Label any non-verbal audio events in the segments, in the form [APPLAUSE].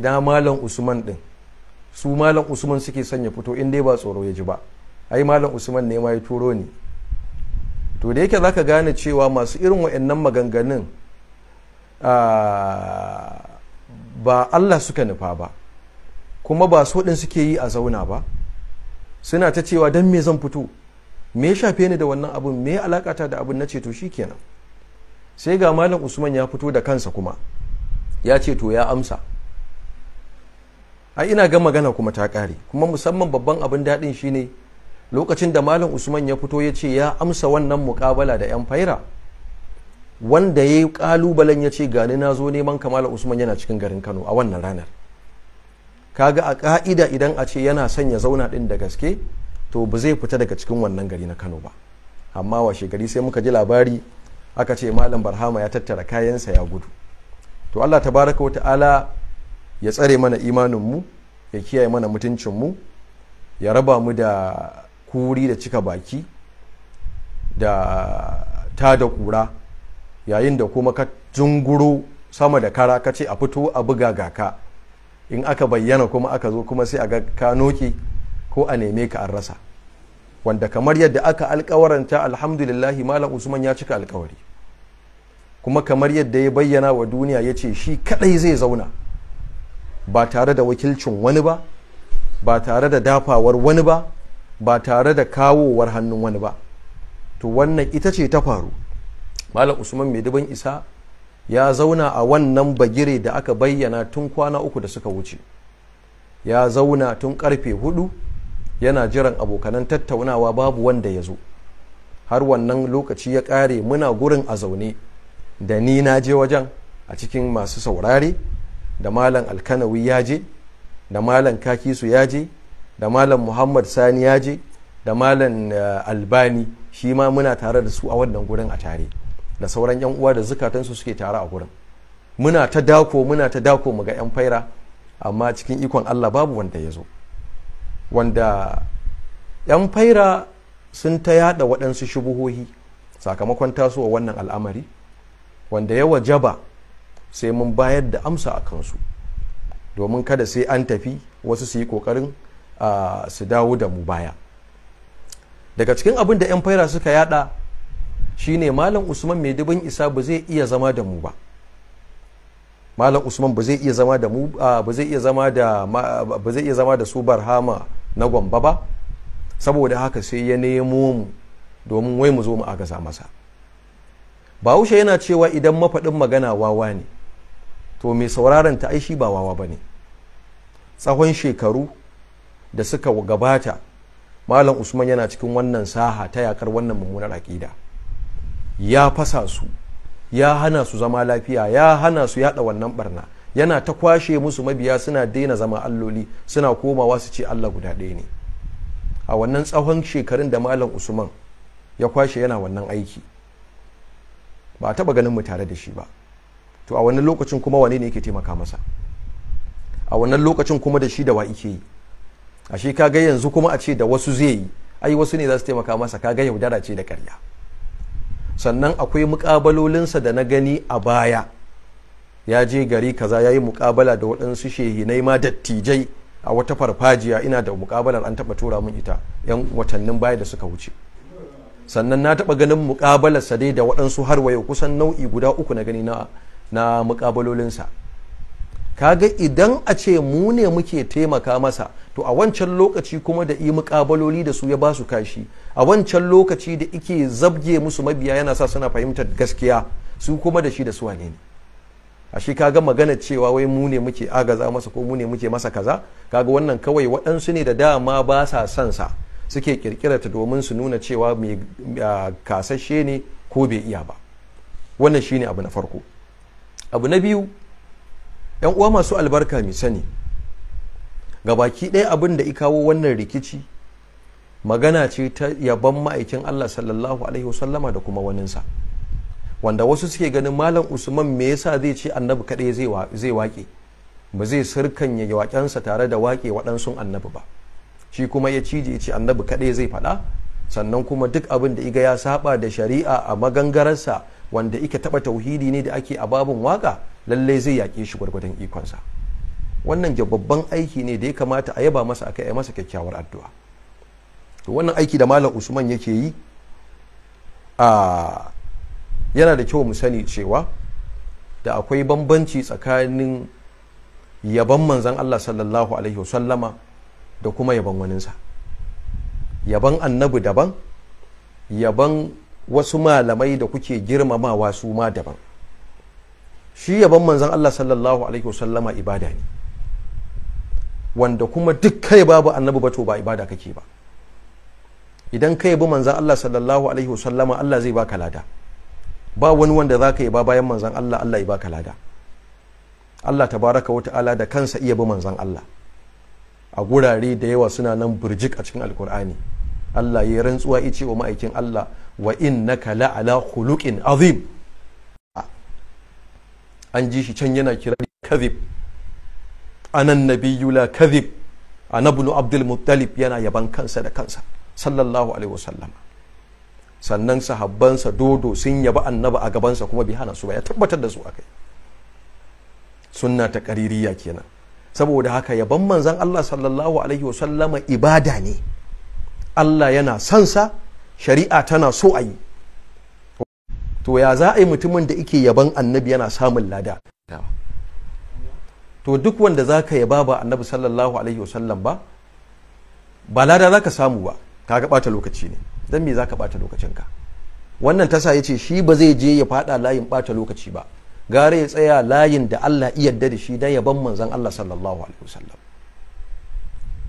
Ina malam usman din su malam usman suke sanya fito in dai ba tsoro ya ji ba ai malam usman ne ma ya turo ni to da yake zaka gane cewa masu irin wa'annan maganganun ba Allah suka nufa ba kuma ba so din suke yi a zauna ba suna ta cewa dan me zan fito me shafe ni da wannan abun me alakata da abun na ce to shikenan sai ga malam usman ya fito da kansa kuma ya ce to ya amsa a ina ga magana kuma ta kare kuma musamman babban abin daɗin shine lokacin da malam usman ya fito ya ce ya amsa wannan mukabala da yan faira wanda ya yi ƙalubalen ya ce gani na zo neman malam usman yana cikin garin kano a wannan ranar kaga a ka'ida idan a ce yana son ya zauna ɗin da gaske to ba zai fita daga cikin wannan gari na kano ba amma washe gari sai muka ji labari aka ce malam barhama ya tattara kayansa ya gudu to allah tabaraka wa ta'ala ya tsare mana imaninmu ya kiyaye mana mutuncinmu ya raba mu da kuri da cika baki da ta da kura yayin da kuma ka junguro sama da kara ka ce a fito a buga gaka in aka bayyana kuma aka zo kuma sai a ga ka noke ko a neme ka an rasa wanda kamar yadda aka alkawaranta alhamdulillahi malam usman ya cika alkawari kuma kamar yadda ya bayyana wa duniya ya ce shi kadai zai zauna ba tare da wakilcin wani ba ba tare da dafawar wani ba ba tare da kawowar hannun wani ba to wannan ita ce ta faru malam usman mai duban isa ya zauna a wannan bagire da aka bayyana tun kwana uku da suka wuce ya zauna tun karfe hudu yana jiran abokanan tattaunawa babu wanda ya zo har wannan lokaci ya kare muna gurin a zaune da ni na je wajen a cikin masu saurare da malam alkanawi ya je da malam kakisu ya je da malam muhammad sani ya je da malam eh, albani shi ma muna tare da su a wannan gurin a tare da sauran yan uwa da zukatansu suke tare a gurin muna ta dako muna ta dako mu ga yan faira amma cikin ikon allah babu wanda ya zo wanda yan faira sun ta yada waɗansu shubuhohi sakamakon tasowa wannan al'amari wanda yawa jaba. sai mun bayar da amsa a kansu domin kada sai an tafi wasu su yi kokarin su dawo da mu baya daga cikin abin da 'yan faira suka yada shine malam usman mai dubin isa ba zai iya zama da mu ba malam usman ba zai iya zama da mu ba zai iya zama da su barhama na gwamba ba saboda haka sai ya nemo mu domin wai mu zo mu agaza masa bahaushe yana cewa idan mafaɗin magana wawa ne to mai sauraron ta aishi ba wawa bane. ne tsawon shekaru da suka gabata malam usman yana cikin wannan saha ta yakar wannan mummunar aƙida ya fasa su ya hana su zama lafiya ya hana su yada wannan barna yana ta kwashe musu mabiya suna daina zama alloli suna komawa su ce allah guda ɗaya ne a wannan tsawon shekarun da malam usman ya kwashe yana wannan aiki ba a taɓa ganin mu tare da shi ba to a wannan lokacin kuma wane ne yake taimaka masa a wannan lokacin kuma da shi da wa yake yi ashe kaga yanzu kuma a ce da wasu zai yi ai wasu ne za su taimaka masa kaga yaudara ce da karya sannan akwai mukabalolinsa da na gani a baya ya je gari kaza ya yi mukabala da waɗansu shehinai ma dattijai a wata farfajiya ina da mukabalar an taɓa tura min ita yan watannin baya da suka wuce sannan na taɓa ganin mukabalarsa dai da waɗansu har wayo kusan nau'i guda uku na gani na na mukabalolinsa Ka ga idan a ce mu ne muke taimaka masa to a wancan lokaci kuma da yi mukabaloli da su ya ba su kashi a wancan lokaci da ike zabge musu mabiya yana sa suna fahimtar gaskiya su kuma da shi da su wane ne a shi kaga magana cewa wai mu ne muke agaza masa ko mu ne muke masa kaza kaga wannan kawai waɗansu ne da dama ba sa son sa suke kirkira ta domin su nuna cewa mai ah, kasashe ne ko bai iya ba wannan shine abu na farko abu na biyu yan uwa masu albarka mai sani ga baki ɗaya abin da ikawo wannan rikici magana ce ta yaban ma'aikin Allah sallallahu alaihi wasallama da kuma waninsa wanda wasu suke ganin malam usman me yasa zai ce annabi kaɗai zai waƙe ba zai sirkan ya waƙensa tare da waƙe waɗansu annabi ba shi kuma ya cije ya ce annabi kaɗai zai faɗa sannan kuma duk abin da iga ya saba da shari'a a magangararsa wanda ika taɓa tauhidi ne da ake a babin waka lallai zai yaƙe shi gwargwadon ikonsa wannan babban aiki ne da ya kamata a yaba masa aka yi masa kyakkyawar addu'a to wannan aiki da malam usman yake yi a yana da kyau mu sani cewa da akwai bambanci tsakanin yaban manzan Allah sallallahu alaihi wasallama da kuma yaban waninsa yaban annabi daban yaban wasu malamai da kuke girmamawa su ma daban shi yaban manzan Allah sallallahu alaihi wasallama ibada ne wanda kuma duk kai babu annabi bato ba ibada kake ba idan kai bi manzan Allah sallallahu alaihi wasallama Allah zai baka lada ba wani wanda za ka yi ba bayan manzan Allah Allah ya baka lada Allah tabaraka wa ta'ala da kansa iya bi manzan Allah a gurare da yawa suna nan birjik a cikin alkur'ani Allah ya rantsuwa ice wa ma'aikin Allah wa innaka la'ala khuluqin azim an ji shi can yana kira kadhib anan nabiyyu la kadhib ana ibn abdul muttalib yana yaban kansa da kansa sallallahu alaihi wasallam sannan sahabbansa dodo sun yaba annaba a gabansa kuma bi hana su ba ya tabbatar da su a akai sunna ta kaririya kenan saboda haka yaban manzon Allah sallallahu alaihi wasallama ibada ne Allah yana son sa. shari'a tana so a yi to ya za a yi mutumin da ike yaban annabi yana samun lada to duk wanda za ka yaba ba annabi sallallahu alaihi wasallam ba ba lada za ka samu ba ka ga ɓata lokaci ne don me za ka ɓata lokacinka wannan tasa ya ce shi ba zai je ya faɗa layin ɓata lokaci ba gara ya tsaya layin da Allah iya da shi da yaban manzan Allah sallallahu alaihi wasallam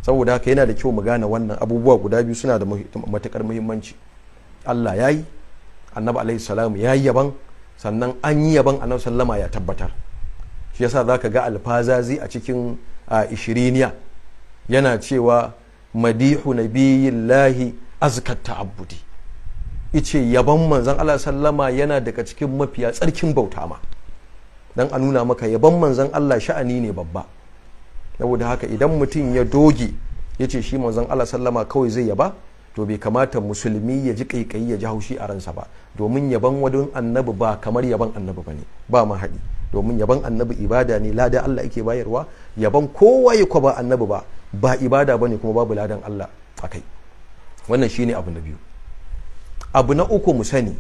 saboda haka yana da kyau mu gane wannan abubuwa guda biyu suna da matukar muhimmanci Allah ya yi annabi alaihi salam ya yi yaban sannan an yi yaban annabi sallama ya tabbatar shi yasa za ka ga alfazazi a cikin ishiriniya yana cewa madihu nabiyillahi azkat ta'abbudi ice yaban manzon Allah sallama yana daga cikin mafiya tsarkin bauta ma dan a nuna maka yaban manzon Allah sha'ani ne babba saboda haka idan mutum ya doge ya ce shi manzon Allah sallama kawai zai yaba to bai kamata musulmi ya ji kaikayi ya ji haushi a ransa ba domin yaban wadon annabi ba kamar yaban annabi bane ba ma haɗi domin yaban annabi ibada ne lada Allah ake bayarwa yaban kowa ya ba annabi ba ba ibada bane kuma babu ladan Allah akai wannan shine abu na biyu abu na uku mu sani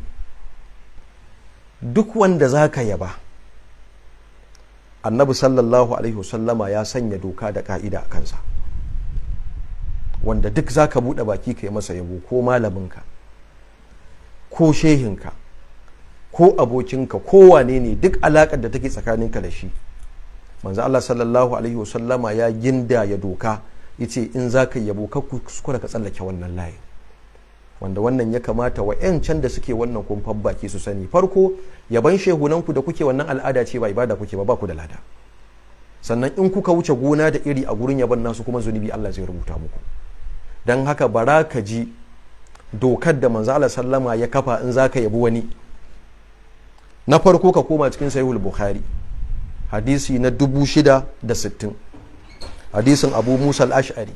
duk wanda zaka yaba annabi sallallahu alaihi wasallama ya sanya doka da ka'ida a kansa wanda duk za ka buɗe baki ka yi masa yabo ko malaminka ko shehinka ko abokinka ko wane ne duk alaƙar da take tsakaninka da shi manzo Allah sallallahu alaihi wasallama ya ginda ya doka yace in za ka yabo ka kuskura ka tsallake wannan layin wanda wannan ya kamata wa 'yan can da suke wannan kumfan baki su sani farko yaban shehunanku da kuke wannan al'ada ce ba ibada kuke ba ba ku da lada sannan in kuka wuce gona da iri a gurin yaban nasu kuma zunubi Allah zai rubuta muku don haka bara ka ji dokar da manzo Allah sallama ya kafa in zaka yabi wani na farko ka koma cikin sahihul bukhari hadisi na sittin hadisin abu musa al-ash'ari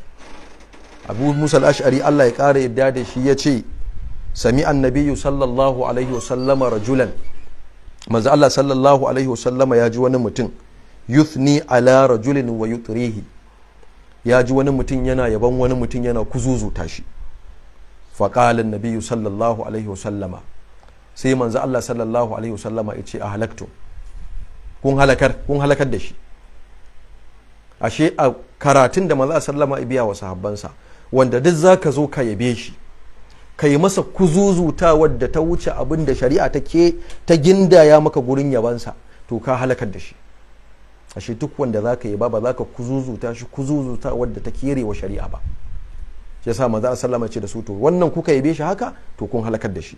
abu musa al-ash'ari Allah ya kara yadda da shi ya ce sami annabiyu sallallahu alaihi wasallama rajulan manzo Allah sallallahu alaihi wasallama ya ji wani mutum yuthni ala rajulin wa yutrihi ya ji wani mutum yana yaban wani mutum yana kuzuzuta shi faƙalin nabiyu sallallahu alaihi wasallama sai manzo Allah sallallahu alaihi wasallama ya ce a halaktu kun halakar kun halakar da shi ashe a karatun da manzo sallama ya biya wa sahabbansa wanda duk zaka zo ka yabe shi ka yi masa kuzuzuta wadda ta wuce abin da shari'a ta ke ta gindaya maka gurin yabansa to ka halakar da shi ashe duk wanda za ka yi ba za ka kuzuzuta shi kuzuzuta wadda ta kere wa shari'a ba ya sa maza sallama ce da su to wannan kuka yabe shi haka to kun halakar da shi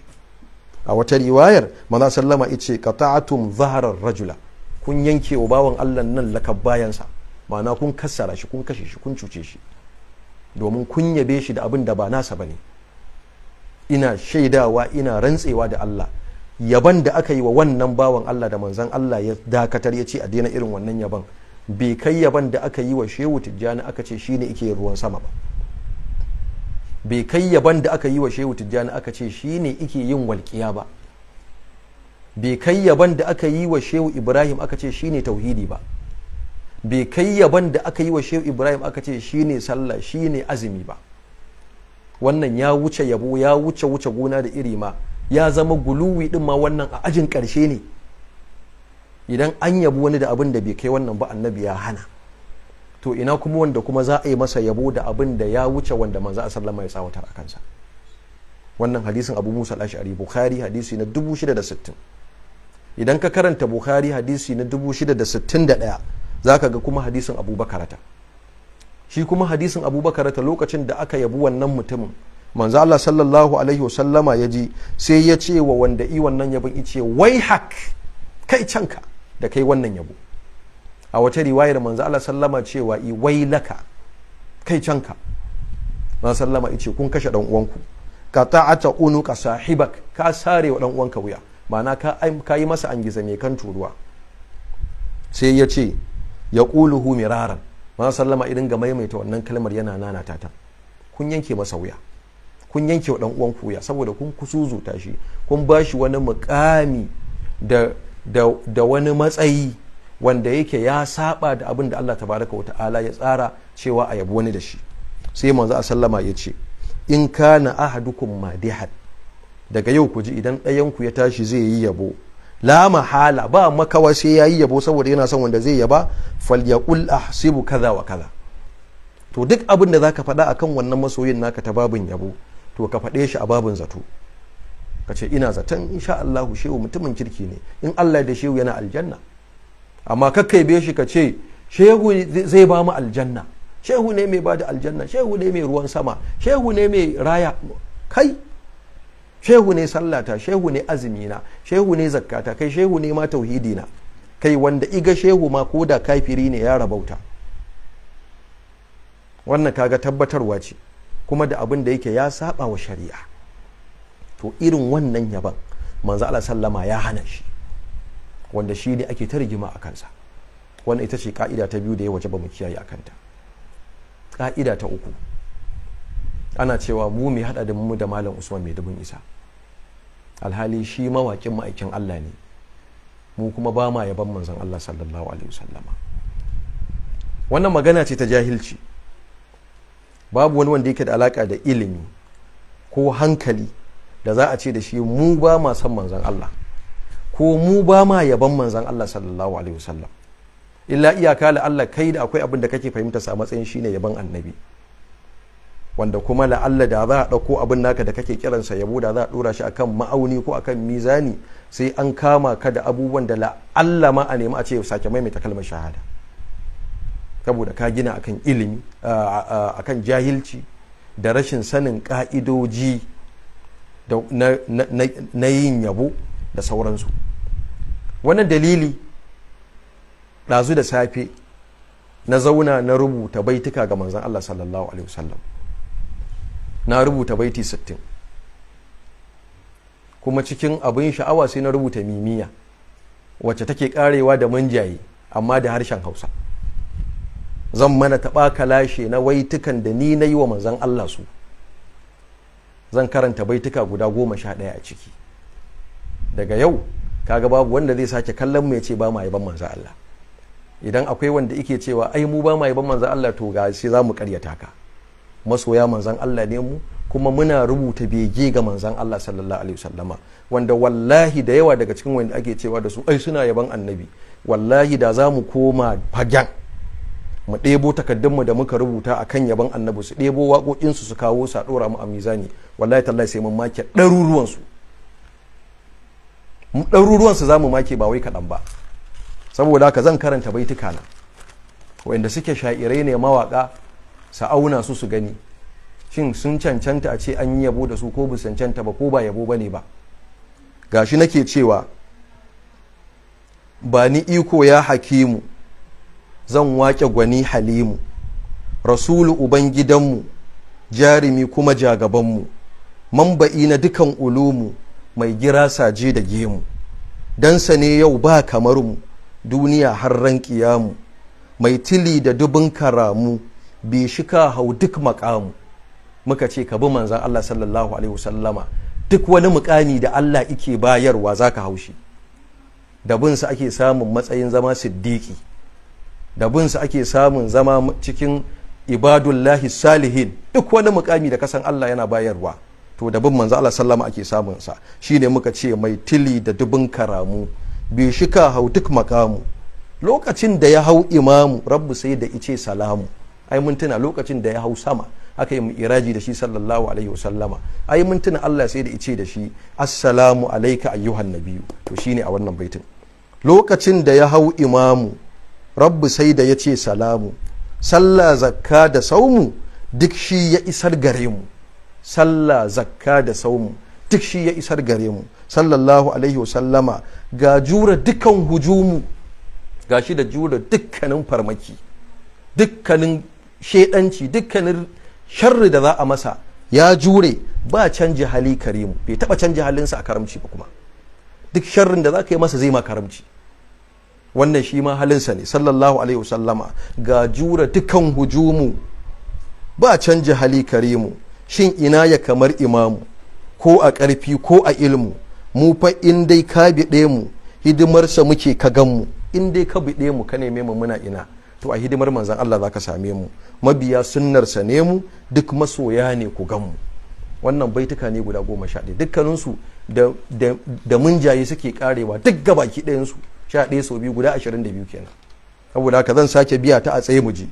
a wata riwayar maza sallama ice qata'atum zaharar rajula kun yanke wa bawan Allah nan lakab bayansa ma'ana kun kassara shi kun kashe shi kun cuce shi domin kun yabe shi da abin da ba nasa ba ne ina shaidawa ina rantsewa da Allah yaban da aka yi wa wannan bawan Allah da manzan Allah ya dakatar ya ce a daina irin wannan yaban bai kai yaban da aka yi wa shehu tijjani aka ce shine ike ruwan sama ba bai kai yaban da aka yi wa shehu tijjani aka ce shine ike yin walƙiya ba bai kai yaban da aka yi wa shehu ibrahim aka ce shine tauhidi ba bai kai yaban da aka yi wa shehu ibrahim aka ce shine sallah shine azumi ba wannan ya wuce yabo ya wuce wuce gona da iri ma ya zama guluwi din ma wannan a ajin karshe ne idan an yabo wani da abin da bai kai wannan ba annabi ya hana to ina kuma wanda kuma za a yi masa yabo da abin da ya wuce wanda manzo a sallama ya tsawatar a kansa wannan hadisin abu musa al-ash'ari bukhari hadisi na 660 idan ka karanta bukhari hadisi na 661 za ka ga kuma hadisin abubakarata shi kuma hadisin abubakarata lokacin da aka yabi wannan mutumin manzo Allah sallallahu alaihi wasallama ya ji sai ya ce wa wanda i wannan yabon ice wai hak kai canka da kai wannan yabo a wata riwayar manzo Allah sallama cewa i wai laka kai canka manzo sallama ice kun kashe dan uwanku ka ta'ata unuka sahibak ka sare wa dan uwanka wuya ma'ana ka yi masa an gizame kan turuwa sai ya ce ya ƙuluhu miraran ma sallama idan ga maimaita wannan kalmar yana nana ta kun yanke masa wuya kun yanke wa uwan kuya saboda kun zuta shi kun ba shi wani mukami da wani matsayi wanda yake ya saba da abin da Allah tabaraka wa ta'ala ya tsara cewa a yabi wani da shi sai manzo a sallama ya ce in kana ahadukum madihan daga yau ku ji idan ɗayan ku ya tashi zai yi yabo la mahala ba makawa sai yayi yabo saboda yana son wanda zai yaba falyaqul ahsibu kaza wa kaza to duk abin da zaka faɗa akan wannan masoyin naka ta babin yabo to ka faɗe shi a babin zato ka ce ina zaton insha Allah shehu mutumin kirki ne in Allah da shehu yana aljanna amma be shi ka ce shehu zai ba mu aljanna shehu ne mai ba da aljanna shehu ne mai ruwan sama shehu ne mai raya kai shehu ne sallata shehu ne azumina shehu ne zakkata kai shehu ne ma tauhidina kai wanda iga shehu ma ko da kafiri ne ya rabauta wannan kaga tabbatarwa ce kuma da abin da yake ya saba wa shari'a to irin wannan yaban manzo Allah sallama ya hana shi wanda shi ne ake ta rigima a kansa wannan ita ce ka'ida ta biyu da ya waje ba mu kiyaye a kanta ka'ida ta uku ana cewa mu mai hada da mu da malam usman mai dubin isa alhali shi mawakin ma'aikin Allah ne mu kuma ba ma yaban manzon Allah sallallahu alaihi wasallama wannan magana ce ta jahilci babu wani wanda yake da alaka da ilimi ko hankali da za a ce da shi mu ba ma san manzon Allah ko mu ba ma yaban manzon Allah sallallahu alaihi wasallam illa iyaka la Allah kai da akwai abin da kake fahimta sa matsayin shine yaban annabi wanda kuma la'alla da za a ɗauko abin naka da kake kiransa yabo da za a ɗora shi akan ma'auni ko akan mizani sai an kama ka da abubuwan da la'alla ma a nemi a ce sake maimaita kalmar shahada saboda ka gina akan ilimi akan jahilci da rashin sanin ka'idoji na yin yabo da sauransu wannan dalili ɗazu da safe na zauna na rubuta baituka ga manzon Allah sallallahu alaihi wasallam na rubuta baiti 60 kuma cikin abin sha'awa sai na rubuta mimiya wacce take karewa da manjaye amma da harshen hausa zan mana taɓa kalashe na waitukan da ni na yi wa manzan allah su zan karanta baituka guda goma sha ɗaya a ciki daga yau kaga babu wanda zai sake kallon mai ce ba ma yaban manzan allah idan akwai wanda ike cewa ai mu ba ma yaban manzan allah to ga sai za mu karyata ka masoya manzan Allah ne mu kuma muna rubuta bege ga manzan Allah sallallahu alaihi wasallama wanda wallahi da yawa daga cikin wanda ake cewa da su ai suna yaban annabi wallahi da za mu koma fagen mu ɗebo mu da muka rubuta a kan yaban annabi su ɗebo waƙoƙinsu su kawo su a ɗora mu a mizani wallahi tallahi sai mun make ɗaruruwansu ɗaruruwansu za mu make ba wai kaɗan ba saboda haka zan karanta baitukana na wanda suke sha'irai ne mawaƙa su auna su su gani shin sun cancanta a ce an yi yabo da su ko bu cancanta ba ko ba yabo ba ne ba gashi nake cewa ba ni iko ya hakimu zan wake gwani halimu rasulu uban gidanmu jarimi kuma jagabanmu mamba'i na dukan ulumu mai gira saje da gemu dansa ne yau ba kamar mu duniya har ran kiyamu mai tili da dubin karamu bai shi ka hau duk makamu muka ce ka bi manzan Allah sallallahu alaihi wasallama duk wani mukami da Allah ike bayarwa za ka haushi da binsa ake samun matsayin zama siddiki da binsa ake samun zama cikin ibadullahi salihin duk wani mukami da kasan Allah yana bayarwa to da bin manzo Allah sallama ake samun sa shine muka ce mai tili da dubin karamu bai ka hau duk makamu lokacin da ya hau imamu rabbu sai da ice salamu ai mun tuna lokacin da ya hau sama aka yi iraji da shi sallallahu alaihi wasallama ai mun tuna Allah sai da ice da shi assalamu alayka ayyuhan nabiyyu to shine a wannan baitin lokacin da ya hau imamu rabbu sai da ya ce salamu sallah zakka da saumu duk shi ya isar gare mu sallah zakka da saumu duk shi ya isar gare mu sallallahu alaihi wasallama ga jura dukkan hujumu gashi da jura dukkanin farmaki dukkanin shaidanci dukkanin sharri da za a masa ya jure ba canji hali karimu bai taba canji halinsa a karamci ba kuma duk sharrin da za ka yi masa zai ma karamci wannan shi ma halinsa ne sallallahu alaihi wasallama ga jure dukan hujumu ba canji hali karimu shin ina ya kamar imamu ko a ƙarfi ko a ilmu mu fa in dai ka biɗe mu hidimarsa muke ka gan mu in dai ka biɗe mu ka neme mu muna ina to a hidimar manzan Allah za ka same mu mabiya sunnarsa ne mu duk masoya ne ku gan mu wannan baituka ne guda goma sha ɗaya dukkaninsu da munjaye suke karewa duk gabaki ɗayansu sha ɗaya sau biyu guda ashirin da biyu kenan saboda haka zan sake biya ta a tsaye mu ji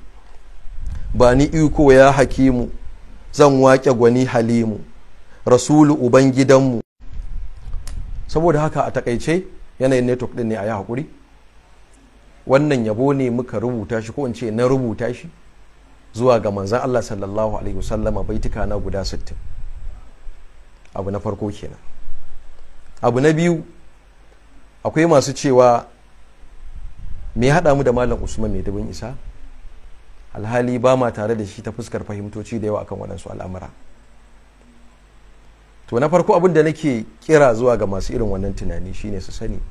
ba ni iko ya hakimu zan wake gwani halimu rasulu uban gidanmu saboda haka a takaice yanayin network ɗin ne a yi haƙuri wannan yabo ne muka rubuta shi ko in ce na rubuta shi zuwa ga manzan Allah sallallahu alaihi wasallama baituka na guda sittin. abu na farko kenan abu na biyu akwai masu cewa me haɗa mu da malam usman mai dubin isa alhali ba ma tare da shi ta fuskar fahimtoci da yawa akan waɗansu al'amura to na farko abin da nake kira zuwa ga masu irin wannan tunani shine su sani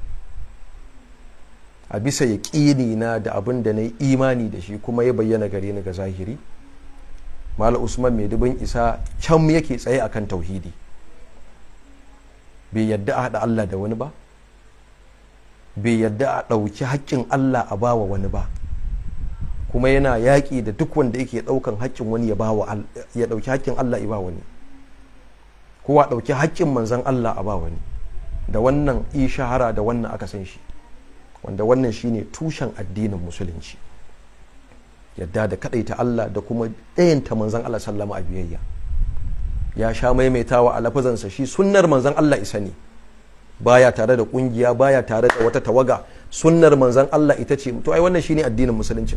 a bisa ya ƙini na da abin da na imani da shi kuma ya bayyana gare ni ga zahiri mala usman mai dubin isa can yake tsaye akan tauhidi bai yadda a haɗa allah da wani ba bai yadda a ɗauki haƙƙin allah a bawa wani ba kuma yana yaƙi da duk wanda yake ɗaukan haƙƙin wani ya ɗauki haƙƙin allah ya ba wani kowa ɗauki haƙƙin manzan allah a ba wani da wannan ishahara da wannan aka san shi wanda wannan shine tushen addinin musulunci yadda da kaɗai ta Allah da kuma ɗayanta manzan Allah sallama a biyayya ya sha maimaitawa a lafazansa shi sunnar manzan Allah isa ne baya tare da kungiya baya tare da wata tawaga sunnar manzan Allah ita ce to ai wannan shine addinin musulunci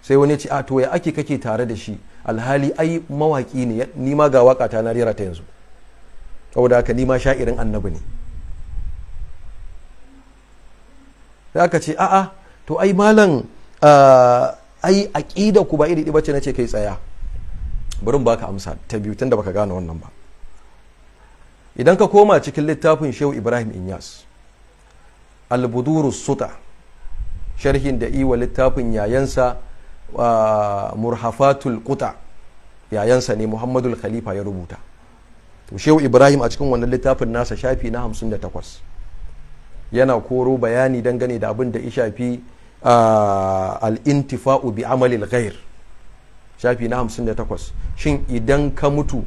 sai wani ce a to ya ake kake tare da shi alhali ai mawaki ne ni ma ga waka ta na rera ta yanzu saboda haka ni ma irin annabi ne sai aka ce a'a to ai malam ah, ai kida ku ba iri ɗaya na ce kai tsaya bari mu baka amsa ta biyu tunda baka gane wannan ba idan ka koma cikin littafin Shehu Ibrahim Inyas albudurus Suta sharhin da iwa littafin yayansa ah, Murhafatul Quta yayansa ne Muhammadul Khalifa ya rubuta to Shehu Ibrahim a cikin wannan littafin nasa shafi na 58 yana koro bayani dangane da abin da ya shafi al'intifa'u bi amalil ghair shafi na 58 shin idan ka mutu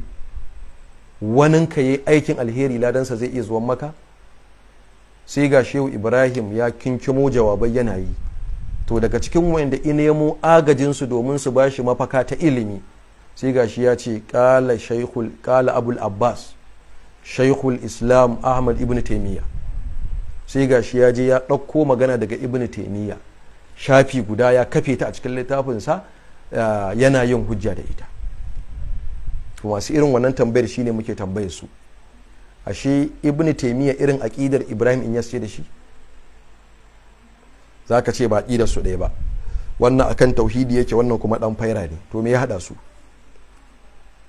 wanin ka yi aikin alheri ladansa zai iya zuwan maka sai ga shehu ibrahim ya kinkimo jawabai yana yi to daga cikin wanda in nemo agajinsu domin su bashi mafaka ta ilimi sai ga shi ya ce kala abul abbas shaikhul islam ahmad ibn taimiyya sai ga shi ya je ya ɗauko magana daga ibn taimiyya shafi guda ya kafe ta a cikin littafinsa eh, yana yin hujja da ita to masu irin wannan tambayar shine muke tambayar su ashe ibn taimiyya irin aƙidar ibrahim in yasce da shi za ka ce ba aƙidar su ɗaya ba wannan akan tauhidi yake wannan kuma ɗan faira ne to me ya haɗa su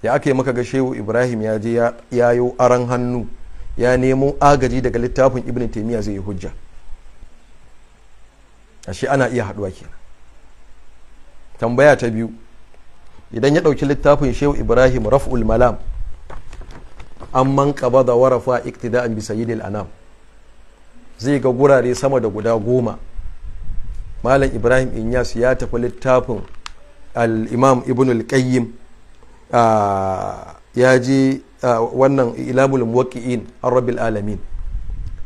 ya aka yi maka ga shehu ibrahim ya je ya yo aran hannu ya nemo agaji daga littafin ibn taimiyya zai yi hujja ashe ana iya haɗuwa kenan tambaya ta biyu idan ya ɗauki littafin shehu ibrahim raf'ul malam an man kaba da warafa iktida'an bi yi anam zai ga gurare sama da guda goma malam ibrahim inyas ya tafi littafin al'imam imam ibn al-qayyim ah, ya je wannan ilabul muwaqqi'in rabbil alamin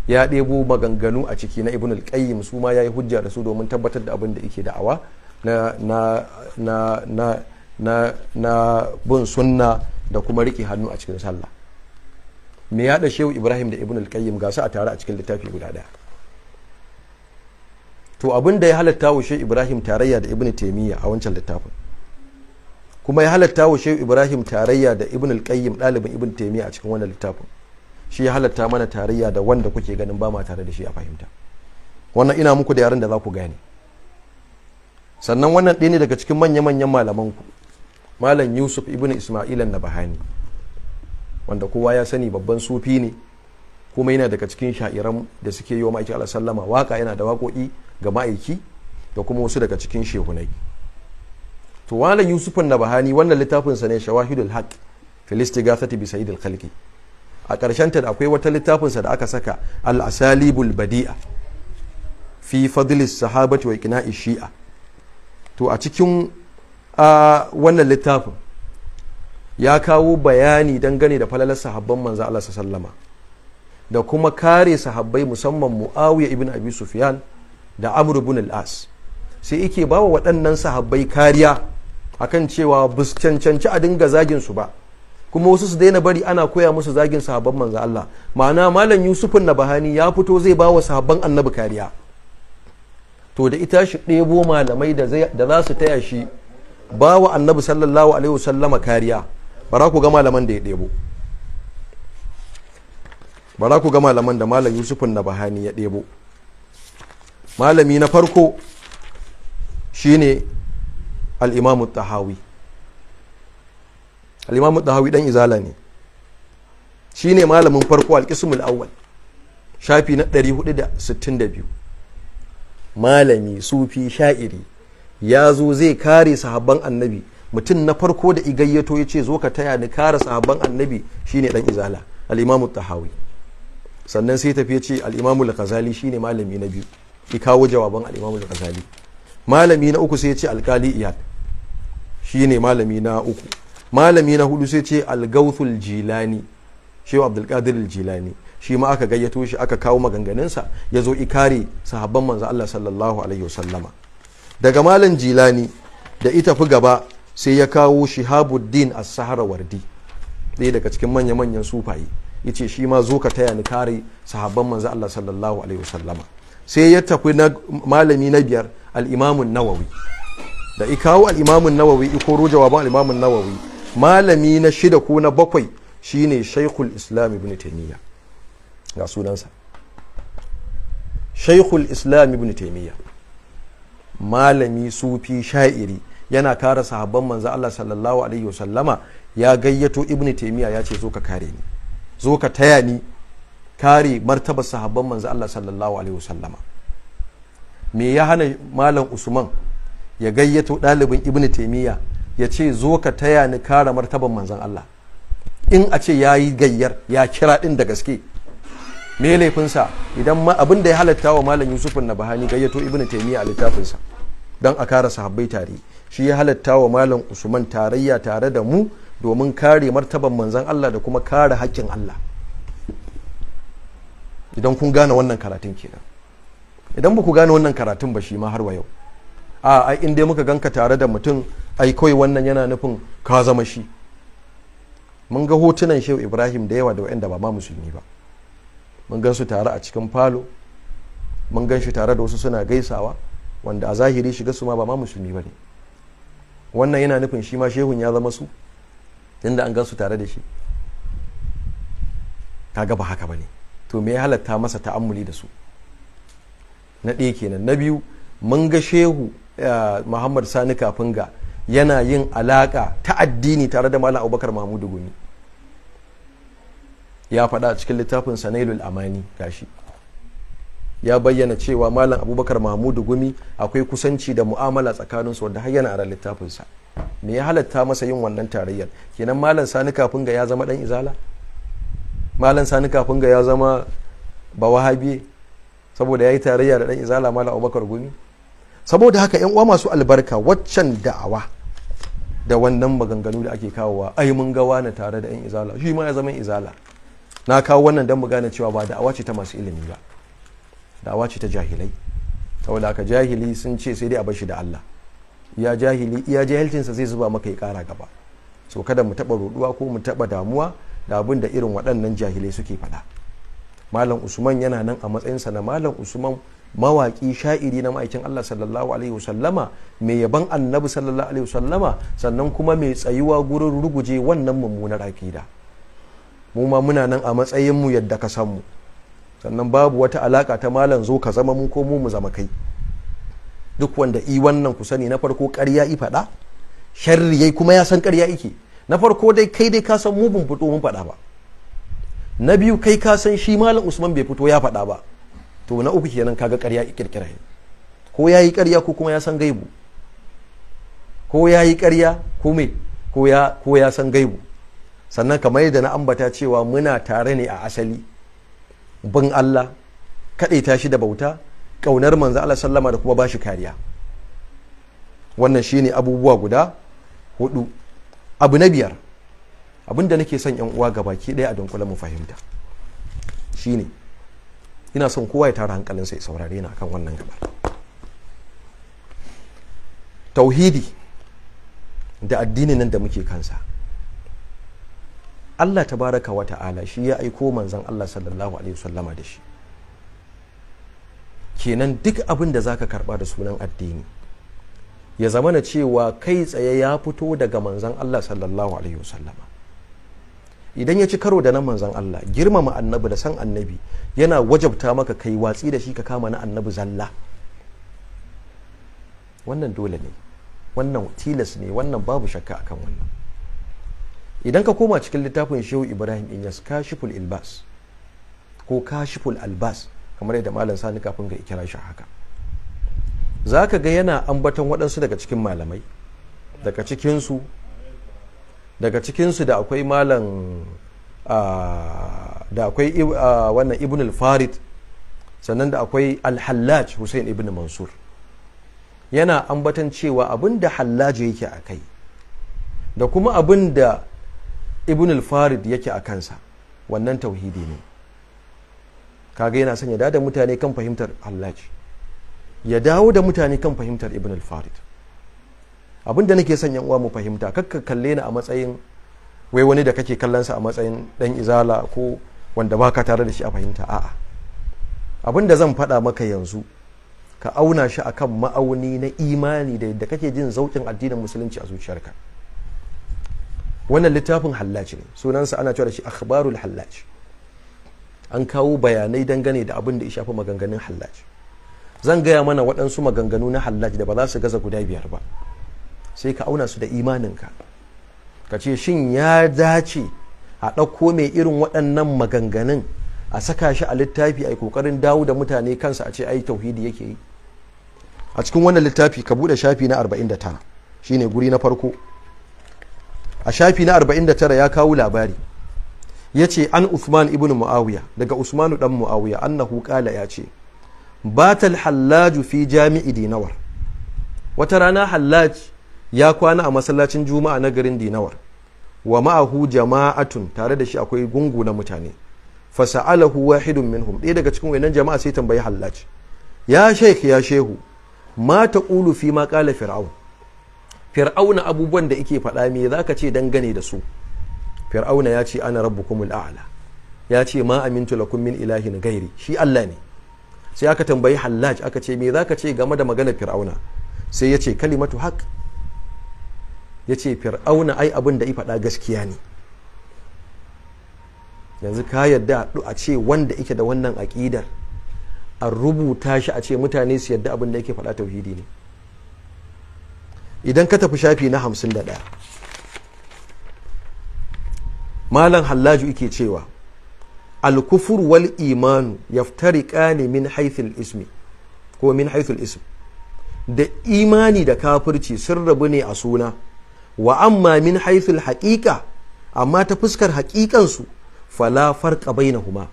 ya ɗebo maganganu a ciki na ibn al su ma yayi hujja da su domin tabbatar da abin da yake da'awa na na bin sunna da kuma riƙe hannu a cikin sallah me ya da shehu ibrahim da ibn al-qayyim ga su a tare a cikin littafi guda ɗaya to abin da ya halatta wa shehu ibrahim tarayya da ibn taimiyya a wancan littafin kuma ya halatta wa shehu ibrahim tarayya da ibn al-qayyim ɗalibin ibn taimiyya a cikin wannan littafin shi ya halatta mana tarayya da wanda kuke ganin ba ma tare da shi a fahimta wannan ina muku da yaren da za ku gane sannan wannan ɗaya ne daga cikin manya-manyan ku malam yusuf ibn isma'ila na bahani wanda kowa ya sani babban sufi ne kuma yana daga cikin sha'iran da suke yi wa ma'aiki sallama waka yana da waƙoƙi ga ma'aiki da kuma wasu daga cikin shehunai to wala yusufun na bahani wannan littafinsa ne shawahidul haq filisti gathati bi sayyidil khalqi a ƙarshen ta akwai wata littafinsa da aka saka al-asalibul badi'a fi fadli sahabati wa ikna'i shi'a to a cikin wannan littafin ya kawo bayani dangane da falalar sahabban manzo Allah sallama da kuma kare sahabbai musamman Muawiya ibn Abi Sufyan da Amr ibn al-As sai yake bawa waɗannan sahabbai kariya akan cewa ba su cancanci a dinga zagin su ba kuma wasu su daina bari ana koya musu zagin sahabban manzo Allah ma'ana malam Yusufun Nabahani ya fito zai ba wa sahabban annabi kariya to da ita shi ɗebo malamai da za su taya shi ba wa annabi sallallahu alaihi wasallama kariya bara ku ga malaman da ya ɗebo bara ku ga malaman da malam Yusufun Nabahani ya ɗebo malami na farko shine al'imamu tahawi al'imamu tahawi ɗan izala ne shi ne malamin farko alƙismul awwal shafi na 462 malami sufi sha'iri ya zo zai kare sahabban annabi mutum na farko da igayyato ya ce zo ka taya ni kare sahabban annabi shi ne dan izala al'imamu tahawi sannan sai tafiye ce al'imamu al shi ne malami na biyu ki kawo jawaban al'imamu al malami na uku sai ya ce alkali iyad shine malami na uku malami na hudu sai ce algautul jilani shehu abdulkadir jilani shi ma aka gayyato shi aka kawo maganganunsa ya zo ikari sahabban manzo Allah sallallahu alaihi wasallama daga malam jilani da ita fi gaba sai ya kawo shihabuddin as-sahara wardi ɗaya daga cikin manya-manyan sufaye ya ce shi ma zo ka taya ni kare sahabban manzo Allah sallallahu alaihi wasallama sai ya tafi malami na biyar al-imamun nawawi da ikawo al nawawi ikoro jawaban al-imamun nawawi malami na shida ko na bakwai shine shaikhul islam ibn taimiyya ga sunansa shaikhul islam ibn taimiyya malami sufi sha'iri yana kara sahabban manzo Allah sallallahu alaihi wasallama ya gayyato ibn taimiyya ya ce zo ka kare ni zo ka taya ni kare martabar sahabban manzo Allah sallallahu alaihi wasallama me ya hana malam usman ya gayyato ɗalibin ibn taimiyya ya ce zo ka taya ni kara martaban manzan Allah in a ce ya yi gayyar ya kira ɗin da gaske me laifinsa idan abin da ya halatta wa malam yusufin na bahani gayyato ibn taimiyya a littafinsa don a kara sahabbai tare shi ya halatta wa malam usman tarayya tare da mu domin kare martaban manzan Allah da kuma kare haƙƙin Allah idan kun gane wannan karatun kenan idan ba ku gane wannan karatun ba shi ma har wa yau a in dai muka ganka tare da mutum ai kawai wannan yana nufin ka zama shi mun ga hotunan shehu ibrahim da yawa da wa'anda ba ma musulmi ba mun gan su tare a cikin falo mun gan shi tare da wasu suna gaisawa wanda a zahiri shiga su ma ba ma musulmi ba ne wannan yana nufin shi ma shehun ya zama su inda an gan su tare da shi Ta ba haka ba ne to me ya halatta masa ta'ammuli da su na ɗaya kenan na biyu mun ga shehu muhammad sani kafinga yana yin alaka ta addini tare da malam abubakar mahmudu gumi ya faɗa a cikin littafin sanailul amani gashi ya bayyana cewa malam abubakar mahmudu gumi akwai kusanci da mu'amala tsakaninsu wanda har yana a littafinsa me ya halatta masa yin wannan tarayyar kenan malam sani kafin ga ya zama dan izala malam sani kafin ga ya zama ba wahabi saboda ya yi tarayya da dan izala malam abubakar gumi saboda haka yan uwa masu albarka waccan da'awa da wannan maganganu da ake kawowa ai mun ga wani tare da yan izala shi ma ya zama izala na kawo wannan dan mu gane cewa ba da'awa ce ta masu ilimi ba da'awa ce ta jahilai saboda haka jahili sun ce sai dai a bashi da Allah ya jahili iya sa zai zuba maka ya kara gaba so kada mu taba roduwa ko mu taba damuwa da abin da irin waɗannan jahilai suke faɗa malam usman yana nan a matsayinsa na malam usman mawaƙi sha'iri na ma'aikin Allah sallallahu alaihi wasallama mai yaban annabi sallallahu alaihi wasallama sannan kuma mai tsayuwa gurin ruguje wannan mummunar akida mu ma muna nan a matsayin mu yadda ka san mu sannan babu wata alaka ta malam zo ka zama mu ko mu mu zama kai duk wanda i wannan ku sani na farko ƙarya i faɗa sharri yayi kuma ya san ƙarya yake na farko dai kai dai ka san mu bin fito mun faɗa ba na biyu kai ka san shi malam usman bai fito ya faɗa ba to na uku kenan kaga ƙarya kirkira ne ko ya yi ƙarya ko kuma ya san gaibu ko yi ƙarya ko me ko ya san gaibu sannan kamar yadda na ambata cewa muna tare ne a asali bin Allah kaɗaita shi da bauta ƙaunar manzo Allah sallama da kuma bashi kariya wannan shine abubuwa guda hudu abu na biyar abinda nake son yan uwa gabaki ɗaya a dunkule mu fahimta shine ina son kowa ya tara hankalinsa ya saurare ni akan wannan gaba tauhidi da addini nan da muke kansa Allah ta baraka wa ta'ala shi ya aiko manzan Allah sallallahu alaihi wasallama da shi kenan duk abin da zaka karba da sunan addini ya zama na cewa kai tsaye ya fito daga manzan Allah sallallahu alaihi wasallama idan ya ci karo da na manzan Allah girmama annabi da san annabi yana wajabta maka kai watsi da shi ka kama na annabi zalla wannan dole ne wannan tilas ne wannan babu shakka akan wannan idan ka koma cikin littafin shehu ibrahim yas kashiful ilbas ko kashiful albas kamar yadda malam sani kafin ka ikira shi haka za ka ga yana ambaton waɗansu daga cikin malamai daga cikin su. daga cikinsu da akwai malam da akwai wannan ibn al-farid sannan da akwai al-hallaj hussein ibn mansur yana ambatan cewa abin da hallaj yake a kai da kuma abin da ibn al-farid yake a kansa wannan tauhidi ne kaga yana son da mutane kan fahimtar hallaj ya dawo da mutane kan fahimtar ibn al-farid abin da nake son yan uwa mu fahimta kakka kalle ni a matsayin wai wani da kake kallon sa a matsayin dan izala ko wanda baka tare da shi a fahimta a'a abin da zan fada maka yanzu ka auna shi akan ma'auni na imani da yadda kake jin zaukin addinin musulunci a zuciyarka wannan littafin hallaci ne sunansa ana cewa da shi akhbarul hallaci an kawo bayanai dangane da abin da ya shafi maganganun hallaci zan gaya mana waɗansu maganganu na hallaci da ba za su gaza guda biyar ba sai ka auna su da imaninka ka ce shin ya dace a ɗauko mai irin waɗannan maganganun a saka shi a littafi a yi ƙoƙarin dawo da mutane kansa a ce ai tauhidi yake yi a cikin wannan littafi ka buɗe shafi na 49 shine guri na farko a shafi na 49 ya kawo labari ya ce an usman ibn muawiya daga usmanu dan muawiya annahu qala ya ce batal hallaju fi jami'i dinawar wata rana hallaji ya kwana a masallacin juma'a na garin dinawar wa ma'ahu jama'atun tare da shi akwai gungu na mutane fasa'alahu wahidun minhum ɗaya daga cikin wayannan jama'a sai tambayi hallaci ya sheikh ya shehu ma taqulu fi ma qala fir'aun fir'auna abubuwan da yake faɗa me zaka ce dangane da su fir'auna ya ce ana rabbukumul a'la ya ce ma amintu lakum min ilahin gairi shi Allah ne sai aka tambayi hallaj aka ce me zaka ce game da magana fir'auna sai ya ce kalimatu haqq ya ce fir'auna ai abin da faɗa gaskiya ne yanzu ka yadda a ce wanda ike da wannan aƙidar a rubuta shi a ce mutane su yadda abin da yake faɗa tauhidi ne idan ka tafi shafi na hamsin da ɗaya malam hallaju ike cewa alkufur wal imanu yaftariƙa ne min haithul ismi ko min haithul ismi da imani da kafirci sun rabu ne a suna wa amma min haithul haƙiƙa amma ta fuskar haƙiƙansu fala bai huma.